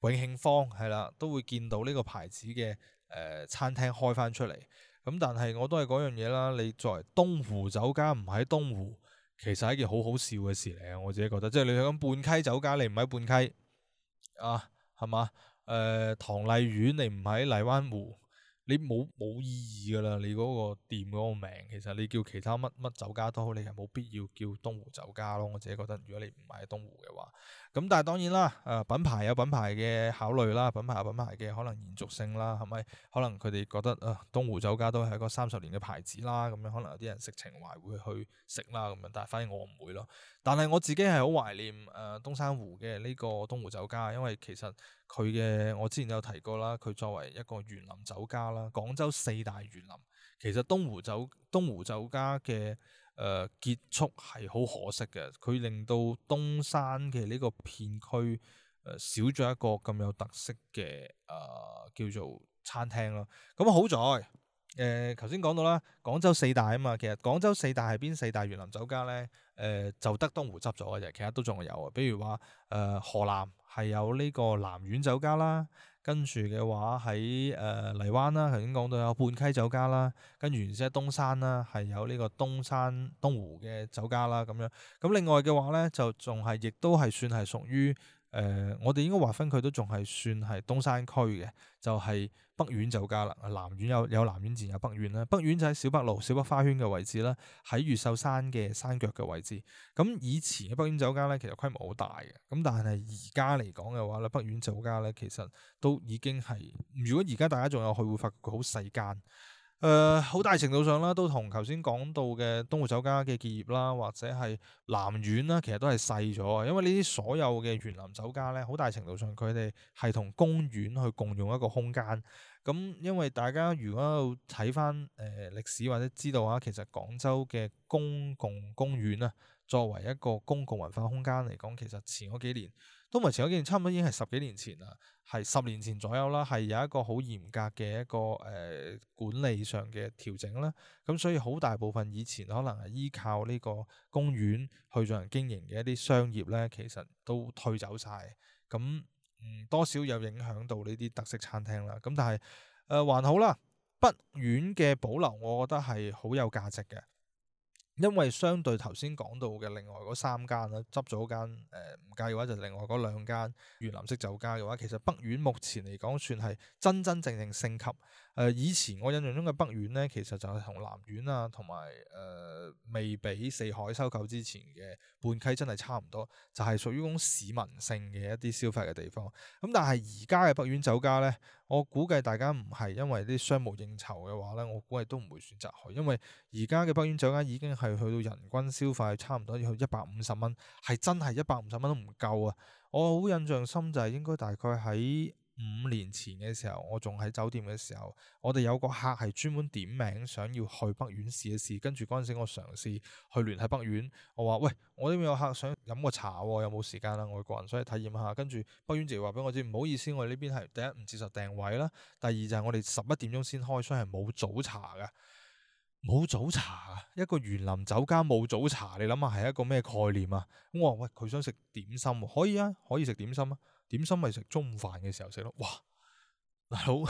永慶坊係啦，都會見到呢個牌子嘅誒、呃、餐廳開翻出嚟。咁但係我都係嗰樣嘢啦。你作為東湖酒家唔喺東湖，其實係一件好好笑嘅事嚟嘅。我自己覺得，即係你響半溪酒家，你唔喺半溪啊，係嘛？誒、呃，唐麗苑你唔喺荔灣湖，你冇冇意義噶啦。你嗰個店嗰個名，其實你叫其他乜乜酒家都好，你係冇必要叫東湖酒家咯。我自己覺得，如果你唔喺東湖嘅話。咁但係當然啦，誒品牌有品牌嘅考慮啦，品牌有品牌嘅可能延續性啦，係咪？可能佢哋覺得啊、呃，東湖酒家都係一個三十年嘅牌子啦，咁樣可能有啲人食情懷會去食啦，咁樣。但係反而我唔會咯。但係我自己係好懷念誒、呃、東山湖嘅呢個東湖酒家，因為其實佢嘅我之前有提過啦，佢作為一個園林酒家啦，廣州四大園林，其實東湖酒東湖酒家嘅。誒結束係好可惜嘅，佢令到東山嘅呢個片區、呃、少咗一個咁有特色嘅誒、呃、叫做餐廳咯。咁好在誒頭先講到啦，廣州四大啊嘛，其實廣州四大係邊四大？園林酒家呢，誒、呃、就得東湖執咗嘅啫，其他都仲有啊，比如話誒、呃、河南。係有呢個南苑酒家啦，跟住嘅話喺誒荔灣啦，頭先講到有半溪酒家啦，跟住原先東山啦，係有呢個東山東湖嘅酒家啦咁樣。咁另外嘅話呢，就仲係亦都係算係屬於。誒、呃，我哋應該劃分佢都仲係算係東山區嘅，就係、是、北苑酒家啦，南苑有有南苑自然有北苑啦，北苑就喺小北路小北花圈嘅位置啦，喺越秀山嘅山腳嘅位置。咁以前嘅北苑酒家呢，其實規模好大嘅，咁但係而家嚟講嘅話咧，北苑酒家呢，其實都已經係，如果而家大家仲有去，會發覺佢好細間。誒好、呃、大程度上啦，都同頭先講到嘅東湖酒家嘅結業啦，或者係南苑啦，其實都係細咗。因為呢啲所有嘅園林酒家呢，好大程度上佢哋係同公園去共用一個空間。咁因為大家如果睇返誒歷史或者知道啊，其實廣州嘅公共公園啊，作為一個公共文化空間嚟講，其實前嗰幾年。都唔係前嗰件，差唔多已經係十幾年前啦，係十年前左右啦，係有一個好嚴格嘅一個誒、呃、管理上嘅調整啦。咁所以好大部分以前可能係依靠呢個公園去進行經營嘅一啲商業呢，其實都退走晒。咁、嗯、多少有影響到呢啲特色餐廳啦。咁但係誒、呃、還好啦，北苑嘅保留，我覺得係好有價值嘅。因為相對頭先講到嘅另外嗰三間啦，執咗間誒唔計嘅話，就是、另外嗰兩間園林式酒家嘅話，其實北苑目前嚟講算係真真正正升級。誒、呃、以前我印象中嘅北苑呢，其實就係同南苑啊，同埋誒未俾四海收購之前嘅半溪真係差唔多，就係屬於嗰種市民性嘅一啲消費嘅地方。咁但係而家嘅北苑酒家呢，我估計大家唔係因為啲商務應酬嘅話呢，我估計都唔會選擇去，因為而家嘅北苑酒家已經係去到人均消費差唔多要去一百五十蚊，係真係一百五十蚊都唔夠啊！我好印象深就係應該大概喺。五年前嘅時候，我仲喺酒店嘅時候，我哋有個客係專門點名想要去北園試一試，跟住嗰陣時我嘗試去聯繫北園，我話：喂，我呢邊有客想飲個茶喎，有冇時間啊？外國人想體驗一下。跟住北園直接話俾我知：唔好意思，我哋呢邊係第一唔接受訂位啦，第二就係我哋十一點鐘先開，所以係冇早茶㗎，冇早茶啊。一個園林酒家冇早茶，你諗下係一個咩概念啊？咁我話：喂，佢想食點心，可以啊，可以食點心啊。點心咪食中午飯嘅時候食咯，哇！大佬，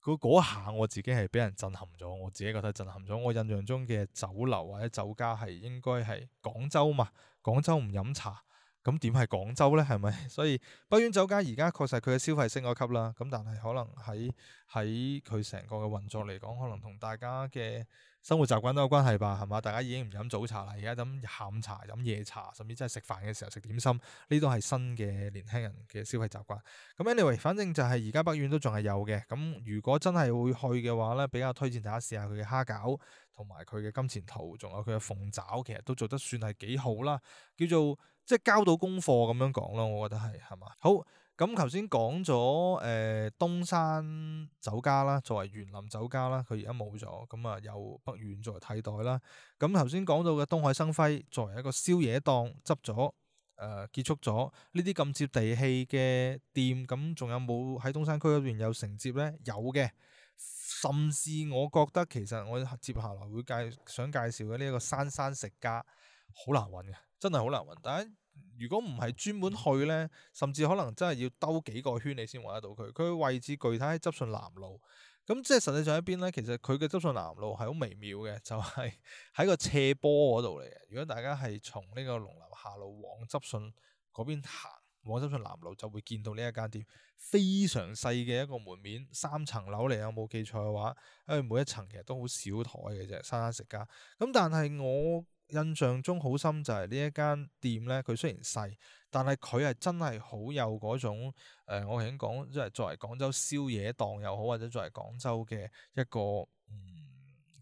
個嗰下我自己係俾人震撼咗，我自己覺得震撼咗。我印象中嘅酒樓或者酒家係應該係廣州嘛？廣州唔飲茶，咁點係廣州呢？係咪？所以北苑酒家而家確實佢嘅消費升咗級啦。咁但係可能喺喺佢成個嘅運作嚟講，可能同大家嘅。生活習慣都有關係吧，係嘛？大家已經唔飲早茶啦，而家飲下午茶、飲夜茶，甚至真係食飯嘅時候食點心，呢都係新嘅年輕人嘅消費習慣。咁 anyway，反正就係而家北苑都仲係有嘅。咁如果真係會去嘅話呢，比較推薦大家試下佢嘅蝦餃，同埋佢嘅金錢肚，仲有佢嘅鳳爪，其實都做得算係幾好啦。叫做即係、就是、交到功課咁樣講咯，我覺得係係嘛。好。咁頭先講咗誒東山酒家啦，作為園林酒家啦，佢而家冇咗，咁啊由北苑作為替代啦。咁頭先講到嘅東海生輝，作為一個宵夜檔執咗誒結束咗。呢啲咁接地氣嘅店，咁仲有冇喺東山區嗰邊有承接呢？有嘅，甚至我覺得其實我接下來會介想介紹嘅呢一個山山食家，好難揾嘅，真係好難揾，但係。如果唔係專門去呢，甚至可能真係要兜幾個圈你先搵得到佢。佢位置具體喺執信南路，咁即係實際上一邊呢，其實佢嘅執信南路係好微妙嘅，就係、是、喺個斜坡嗰度嚟嘅。如果大家係從呢個農林下路往執信嗰邊行，往執信南路就會見到呢一間店，非常細嘅一個門面，三層樓嚟，有冇記錯嘅話，因為每一層其實都好少台嘅啫，生生食家。咁但係我。印象中好深就係呢一間店呢，佢雖然細，但係佢係真係好有嗰種、呃、我頭先講即係作為廣州宵夜檔又好，或者作為廣州嘅一個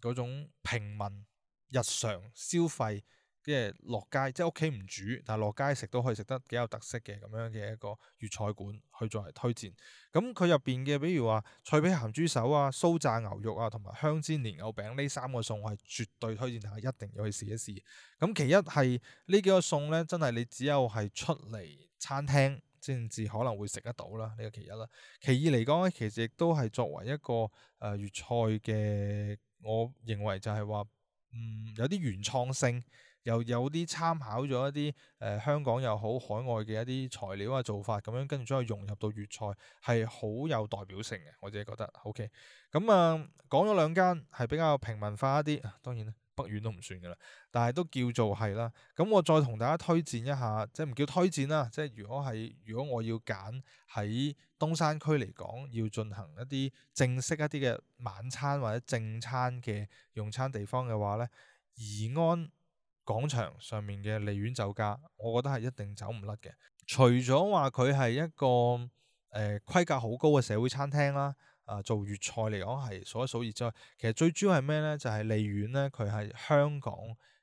嗰、嗯、種平民日常消費。即係落街，即係屋企唔煮，但係落街食都可以食得幾有特色嘅咁樣嘅一個粵菜館去作為推薦。咁佢入邊嘅，比如話脆皮鹹豬手啊、酥炸牛肉啊、同埋香煎蓮藕餅呢三個餸，我係絕對推薦大家一定要去試一試。咁其一係呢幾個餸咧，真係你只有係出嚟餐廳先至可能會食得到啦。呢個其一啦。其二嚟講咧，其實亦都係作為一個誒粵菜嘅，我認為就係話嗯有啲原創性。又有啲參考咗一啲誒、呃、香港又好海外嘅一啲材料啊、做法咁樣，跟住將佢融入到粵菜，係好有代表性嘅。我自己覺得 OK。咁啊，講咗兩間係比較平民化一啲，當然北園都唔算噶啦，但係都叫做係啦。咁我再同大家推薦一下，即係唔叫推薦啦，即係如果係如果我要揀喺東山區嚟講要進行一啲正式一啲嘅晚餐或者正餐嘅用餐地方嘅話呢，宜安廣場上面嘅利苑酒家，我覺得係一定走唔甩嘅。除咗話佢係一個誒、呃、規格好高嘅社會餐廳啦，啊、呃、做粵菜嚟講係數一數二之外，其實最主要係咩呢？就係、是、利苑呢，佢係香港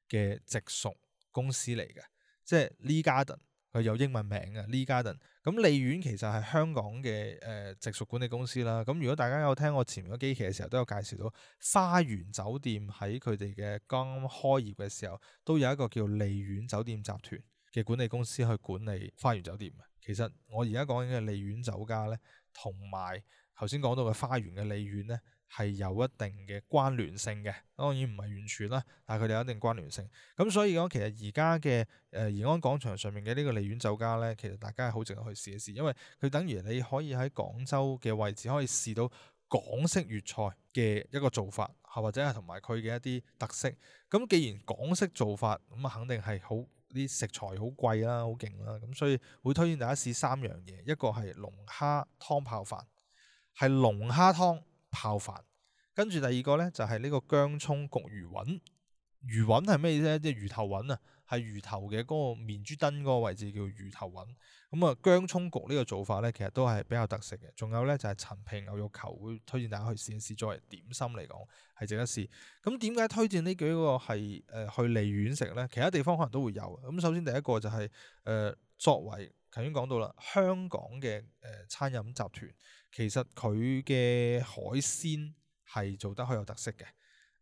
嘅直屬公司嚟嘅，即係 Lee Garden，佢有英文名嘅 Lee Garden。咁利苑其實係香港嘅誒直屬管理公司啦。咁如果大家有聽我前面個機器嘅時候，都有介紹到，花園酒店喺佢哋嘅剛開業嘅時候，都有一個叫利苑酒店集團嘅管理公司去管理花園酒店。其實我而家講緊嘅利苑酒家咧，同埋頭先講到嘅花園嘅利苑咧。係有一定嘅關聯性嘅，當然唔係完全啦，但係佢哋有一定關聯性。咁所以講其實而家嘅誒宜安廣場上面嘅呢個利苑酒家呢，其實大家係好值得去試一試，因為佢等於你可以喺廣州嘅位置可以試到港式粵菜嘅一個做法，或者係同埋佢嘅一啲特色。咁既然港式做法咁啊，肯定係好啲食材好貴啦，好勁啦。咁所以會推薦大家試三樣嘢，一個係龍蝦湯泡飯，係龍蝦湯泡飯，跟住第二個呢，就係呢個姜葱焗魚雲，魚雲係咩意思呢？即係魚頭雲啊，係魚頭嘅嗰個面珠墩嗰個位置叫魚頭雲。咁啊姜葱焗呢個做法呢，其實都係比較特色嘅。仲有呢，就係、是、陳皮牛肉球，會推薦大家去試一試，作為點心嚟講係值得一試。咁點解推薦呢幾個係誒、呃、去利苑食呢？其他地方可能都會有。咁首先第一個就係、是、誒、呃、作為頭先講到啦，香港嘅誒、呃、餐飲集團。其實佢嘅海鮮係做得好有特色嘅，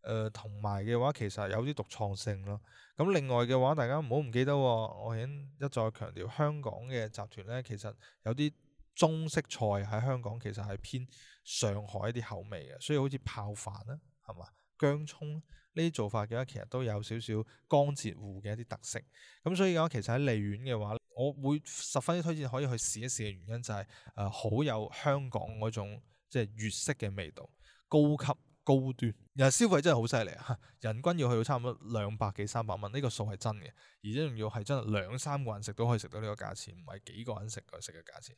誒同埋嘅話其實有啲獨創性咯。咁另外嘅話，大家唔好唔記得，我已經一再強調香港嘅集團呢，其實有啲中式菜喺香港其實係偏上海一啲口味嘅，所以好似泡飯啦，係嘛，薑蔥。呢啲做法嘅話，其實都有少少江浙滬嘅一啲特色。咁所以講，其實喺利苑嘅話，我會十分之推薦可以去試一試嘅原因就係、是，誒、呃、好有香港嗰種即係粵式嘅味道，高級高端，然後消費真係好犀利嚇，人均要去到差唔多兩百幾三百蚊，呢、這個數係真嘅，而且仲要係真係兩三個人食都可以食到呢個價錢，唔係幾個人食佢食嘅價錢。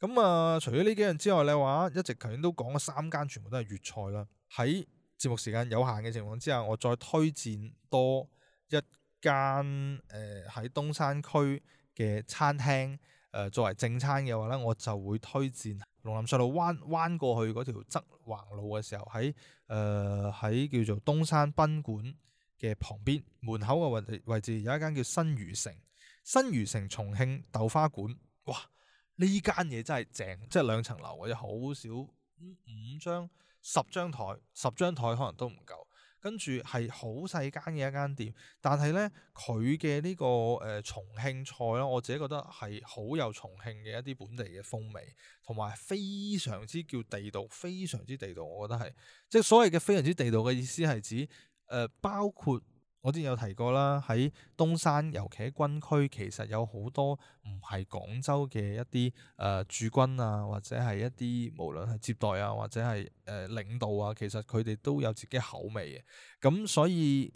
咁啊、呃，除咗呢幾樣之外咧，話一直頭先都講咗三間，全部都係粵菜啦，喺。節目時間有限嘅情況之下，我再推薦多一間誒喺、呃、東山區嘅餐廳誒、呃、作為正餐嘅話呢，我就會推薦農林下路彎彎過去嗰條側橫路嘅時候，喺誒喺叫做東山賓館嘅旁邊門口嘅位位置有一間叫新渝城，新渝城重慶豆花館，哇，呢間嘢真係正，即係兩層樓或者好少五張。十張枱，十張枱可能都唔夠，跟住係好細間嘅一間店，但係呢，佢嘅呢個誒、呃、重慶菜咧，我自己覺得係好有重慶嘅一啲本地嘅風味，同埋非常之叫地道，非常之地道，我覺得係，即係所謂嘅非常之地道嘅意思係指誒、呃、包括。我之前有提過啦，喺東山，尤其喺軍區，其實有好多唔係廣州嘅一啲誒、呃、駐軍啊，或者係一啲無論係接待啊，或者係誒、呃、領導啊，其實佢哋都有自己口味嘅。咁所以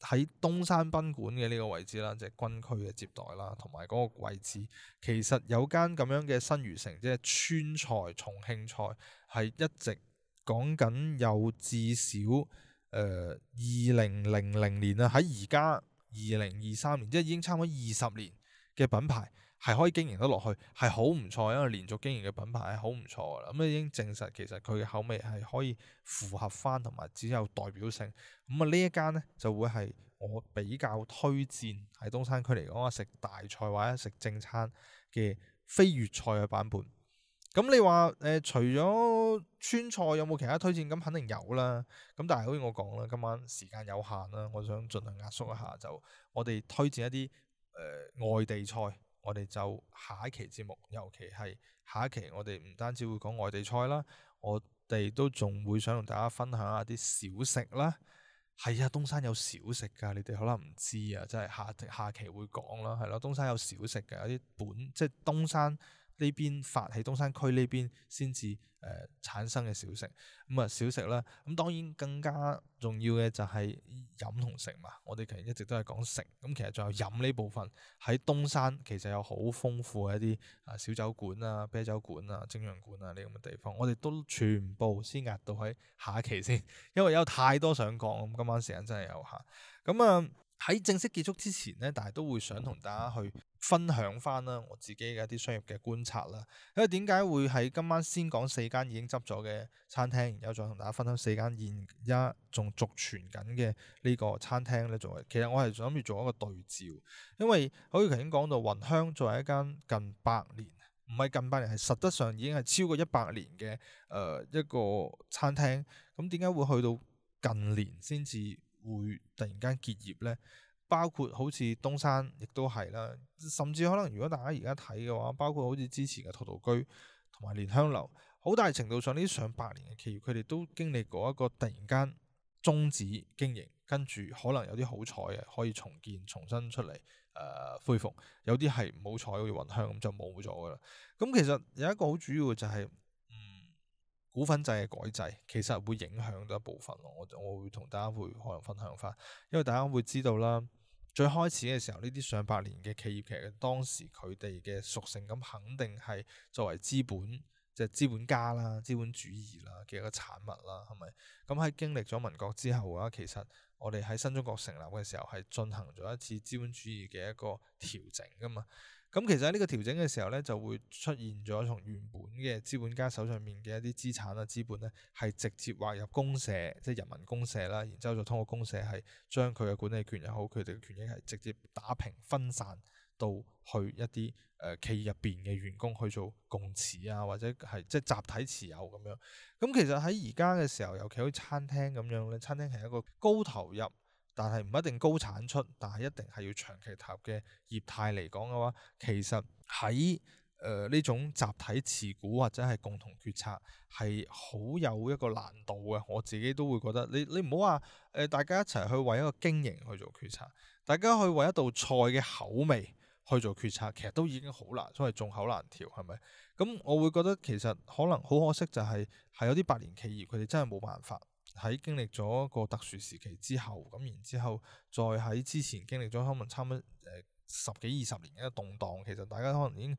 喺東山賓館嘅呢個位置啦，即、就、係、是、軍區嘅接待啦、啊，同埋嗰個位置，其實有間咁樣嘅新渝城，即係川菜、重慶菜，係一直講緊有至少。誒二零零零年啊，喺而家二零二三年，即係已經差唔多二十年嘅品牌，係可以經營得落去，係好唔錯，因為連續經營嘅品牌係好唔錯噶啦。咁、嗯、啊，已經證實其實佢嘅口味係可以符合翻，同埋只有代表性。咁、嗯、啊，呢一間呢，就會係我比較推薦喺東山區嚟講啊，食大菜或者食正餐嘅非粵菜嘅版本。咁你話誒、呃、除咗川菜有冇其他推薦？咁肯定有啦。咁但係好似我講啦，今晚時間有限啦，我想盡量壓縮一下，就我哋推薦一啲誒、呃、外地菜。我哋就下一期節目，尤其係下一期，我哋唔單止會講外地菜啦，我哋都仲會想同大家分享一下啲小食啦。係啊，東山有小食㗎，你哋可能唔知啊，真係下下期會講啦，係咯，東山有小食嘅，有啲本即係東山，呢邊發喺東山區呢邊先至誒產生嘅小食，咁、嗯、啊小食啦，咁當然更加重要嘅就係飲同食嘛。我哋其實一直都係講食，咁、嗯、其實仲有飲呢部分，喺東山其實有好豐富嘅一啲啊小酒館啊、啤酒館啊、蒸揚館啊呢啲咁嘅地方，我哋都全部先壓到喺下一期先，因為有太多想講，咁、嗯、今晚時間真係有限，咁、嗯、啊。嗯喺正式結束之前咧，但係都會想同大家去分享返啦，我自己嘅一啲商業嘅觀察啦。因為點解會喺今晚先講四間已經執咗嘅餐廳，然後再同大家分享四間現家仲續存緊嘅呢個餐廳咧？作為其實我係想諗住做一個對照，因為好似頭先講到雲香作為一間近百年，唔係近百年，係實質上已經係超過一百年嘅誒一個餐廳。咁點解會去到近年先至？會突然間結業呢，包括好似東山亦都係啦，甚至可能如果大家而家睇嘅話，包括好似之前嘅陶陶居同埋蓮香樓，好大程度上呢啲上百年嘅企業，佢哋都經歷過一個突然間終止經營，跟住可能有啲好彩嘅可以重建重新出嚟，誒、呃、恢復，有啲係唔好彩好似雲香咁就冇咗噶啦。咁其實有一個好主要嘅就係、是。股份制嘅改制，其實會影響到一部分咯。我我會同大家會可能分享翻，因為大家會知道啦，最開始嘅時候呢啲上百年嘅企業，其實當時佢哋嘅屬性咁肯定係作為資本即係資本家啦、資本主義啦嘅一個產物啦，係咪？咁喺經歷咗民國之後嘅話，其實我哋喺新中國成立嘅時候係進行咗一次資本主義嘅一個調整噶嘛。咁其實呢個調整嘅時候咧，就會出現咗從原本嘅資本家手上面嘅一啲資產啊資本咧，係直接劃入公社，即係人民公社啦。然之後就通過公社係將佢嘅管理權又好，佢哋嘅權益係直接打平分散到去一啲誒、呃、企業入邊嘅員工去做共持啊，或者係即係集體持有咁樣。咁、嗯、其實喺而家嘅時候，尤其喺餐廳咁樣咧，餐廳係一個高投入。但係唔一定高產出，但係一定係要長期投入嘅業態嚟講嘅話，其實喺誒呢種集體持股或者係共同決策係好有一個難度嘅。我自己都會覺得，你你唔好話誒，大家一齊去為一個經營去做決策，大家去為一道菜嘅口味去做決策，其實都已經好難，所謂眾口難調，係咪？咁我會覺得其實可能好可惜就係、是、係有啲百年企業，佢哋真係冇辦法。喺經歷咗一個特殊時期之後，咁然之後再喺之前經歷咗可能差唔多誒十幾二十年嘅動盪，其實大家可能已經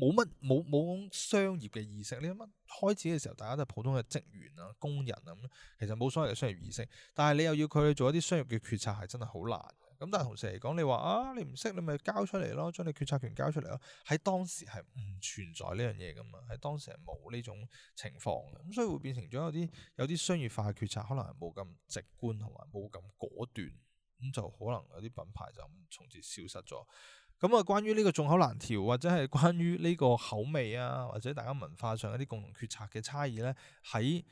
冇乜冇冇商業嘅意識。你諗下，開始嘅時候大家都係普通嘅職員啊、工人啊咁，其實冇所謂嘅商業意識，但係你又要佢去做一啲商業嘅決策，係真係好難。咁但係同時嚟講，你話啊，你唔識你咪交出嚟咯，將你決策權交出嚟咯。喺當時係唔存在呢樣嘢噶嘛，喺當時係冇呢種情況嘅，咁所以會變成咗有啲有啲商業化嘅決策，可能係冇咁直觀同埋冇咁果斷，咁就可能有啲品牌就從此消失咗。咁、嗯、啊，關於呢個眾口難調或者係關於呢個口味啊，或者大家文化上一啲共同決策嘅差異咧，喺。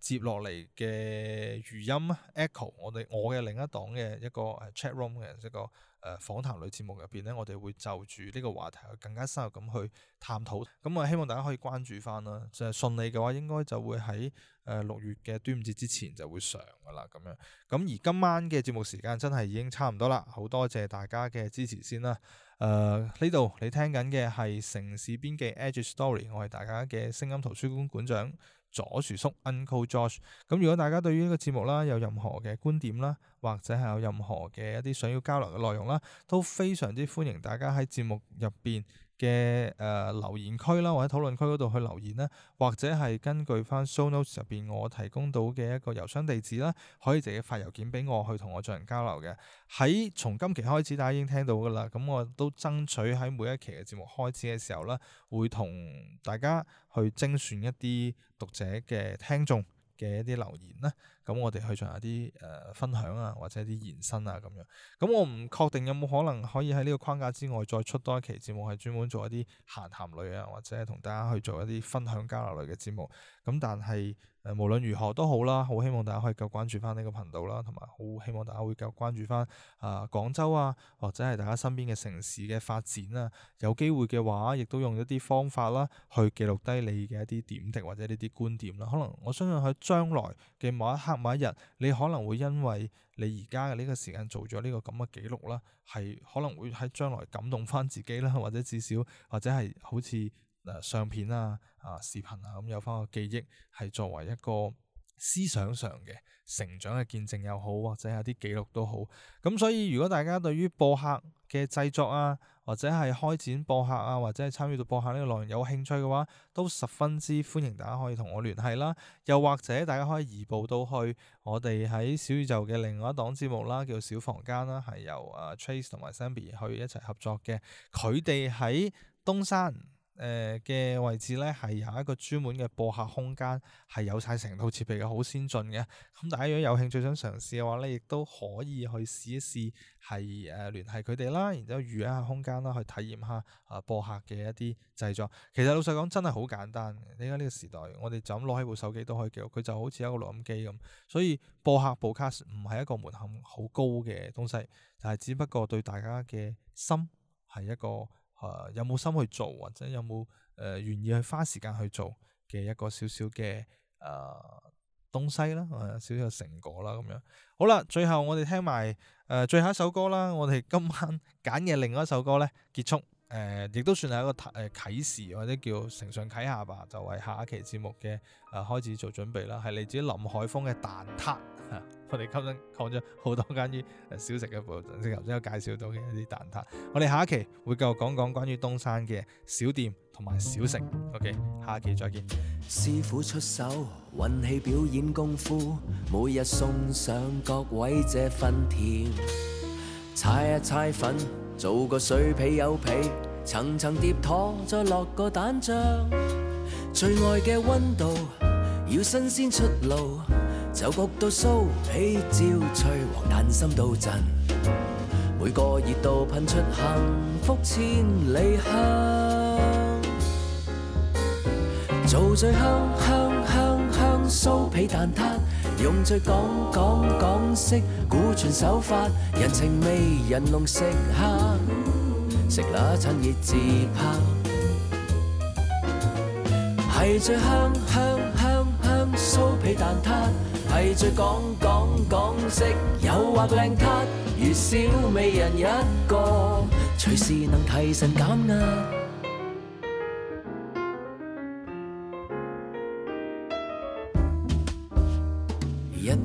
接落嚟嘅餘音 Echo 我哋我嘅另一檔嘅一個 chat room 嘅一個誒訪談類節目入邊咧，我哋會就住呢個話題去更加深入咁去探討。咁啊，希望大家可以關注翻啦。就係順利嘅話，應該就會喺誒六月嘅端午節之前就會上噶啦咁樣。咁而今晚嘅節目時間真係已經差唔多啦，好多謝大家嘅支持先啦。誒呢度你聽緊嘅係城事邊記 Edge Story，我係大家嘅聲音圖書館館長。左薯叔 Uncle Josh，咁如果大家對於呢個節目啦，有任何嘅觀點啦，或者係有任何嘅一啲想要交流嘅內容啦，都非常之歡迎大家喺節目入邊。嘅誒、呃、留言區啦，或者討論區嗰度去留言啦，或者係根據翻 show notes 入邊我提供到嘅一個郵箱地址啦，可以直接發郵件俾我，去同我進行交流嘅。喺從今期開始，大家已經聽到噶啦，咁我都爭取喺每一期嘅節目開始嘅時候咧，會同大家去精選一啲讀者嘅聽眾嘅一啲留言啦，咁我哋去做下啲誒分享啊，或者啲延伸啊，咁樣。咁、嗯、我唔確定有冇可能可以喺呢個框架之外再出多一期節目，係專門做一啲閒談類啊，或者同大家去做一啲分享交流類嘅節目。咁、嗯、但係。無論如何都好啦，好希望大家可以夠關注返呢個頻道啦，同埋好希望大家會夠關注返啊廣州啊，或者係大家身邊嘅城市嘅發展啊。有機會嘅話，亦都用一啲方法啦，去記錄低你嘅一啲點滴或者呢啲觀點啦。可能我相信喺將來嘅某一刻某一日，你可能會因為你而家嘅呢個時間做咗呢個咁嘅記錄啦，係可能會喺將來感動返自己啦，或者至少或者係好似。相片啊，啊視頻啊，咁、嗯、有翻個記憶，係作為一個思想上嘅成長嘅見證又好，或者係啲記錄都好。咁所以如果大家對於播客嘅製作啊，或者係開展播客啊，或者係參與到播客呢個內容有興趣嘅話，都十分之歡迎。大家可以同我聯繫啦，又或者大家可以移步到去我哋喺小宇宙嘅另外一檔節目啦，叫小房間啦，係由啊 Trace 同埋 Zenbi 去一齊合作嘅。佢哋喺東山。誒嘅位置呢，係有一個專門嘅播客空間，係有晒成套設備嘅，好先進嘅。咁大家如果有興趣想嘗試嘅話呢，亦都可以去試一試，係誒、啊、聯繫佢哋啦，然之後預約下空間啦，去體驗下啊播客嘅一啲製作。其實老實講，真係好簡單，你依家呢個時代，我哋就咁攞起部手機都可以記錄，佢就好似一個錄音機咁。所以播客播 c a 唔係一個門檻好高嘅東西，但係只不過對大家嘅心係一個。誒，有冇心去做，或者有冇誒願意去花時間去做嘅一個少少嘅誒東西啦，誒少少嘅成果啦，咁樣好啦。最後我哋聽埋誒、呃、最後一首歌啦，我哋今晚揀嘅另外一首歌呢，結束。誒，亦都、呃、算係一個誒啟示，或者叫承上啟下吧，就為下一期節目嘅誒、呃、開始做準備啦。係嚟自林海峰嘅蛋撻，我哋今日講咗好多關於小食嘅部分，頭先有介紹到嘅一啲蛋撻。我哋下一期會繼續講講關於東山嘅小店同埋小食。OK，下期再見。
師傅出手，運氣表演功夫，每日送上各位這份甜，踩一踩粉，做個水皮油皮，層層疊糖，再落個蛋漿，最愛嘅溫度要新鮮出爐，就焗到酥皮焦脆，和蛋心到震。每個熱度噴出幸福千里香，做最香香香香酥皮蛋撻。用最廣廣廣式古傳手法，人情味人龍食客。食嗰餐熱自拍，係最香香香香酥皮蛋撻，係最廣廣廣式誘惑靚撻，如小美人一個，隨時能提神減壓。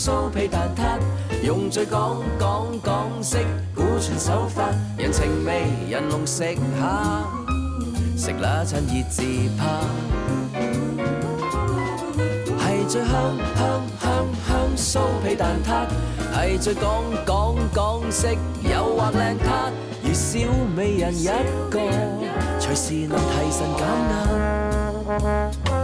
酥皮蛋撻，用最港港港式古傳手法，人情味人龍食下，食啦趁熱自拍。係 *noise* 最香香香香酥皮蛋撻，係最港港港式誘惑靚撻，如小美人一個，隨時能提神減壓。